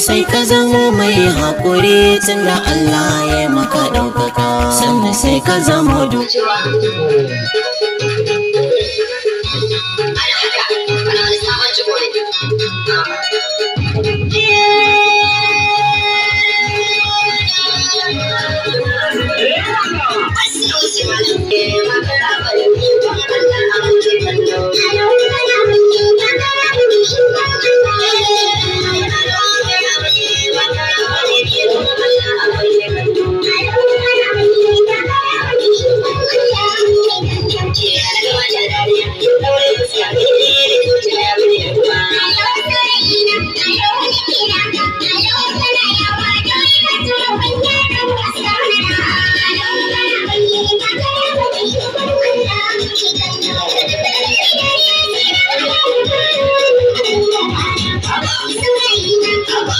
sai ka zamo mai haƙuri tun Allah ya maka ɗaukaka sannan sai ka zama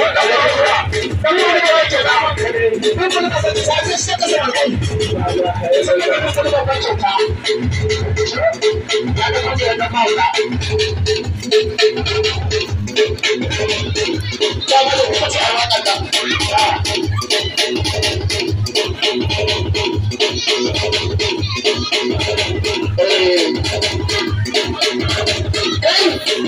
wanda ya rura dan wani da yake da in kuma ka sani sai ka ka ka a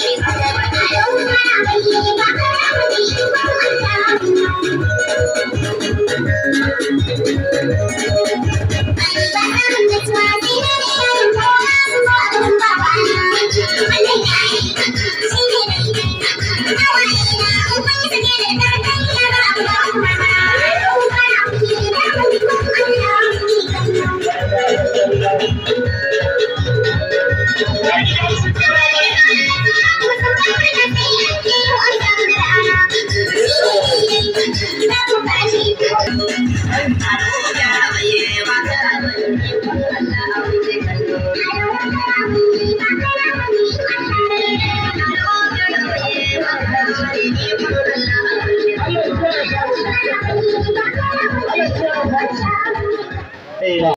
means Hey,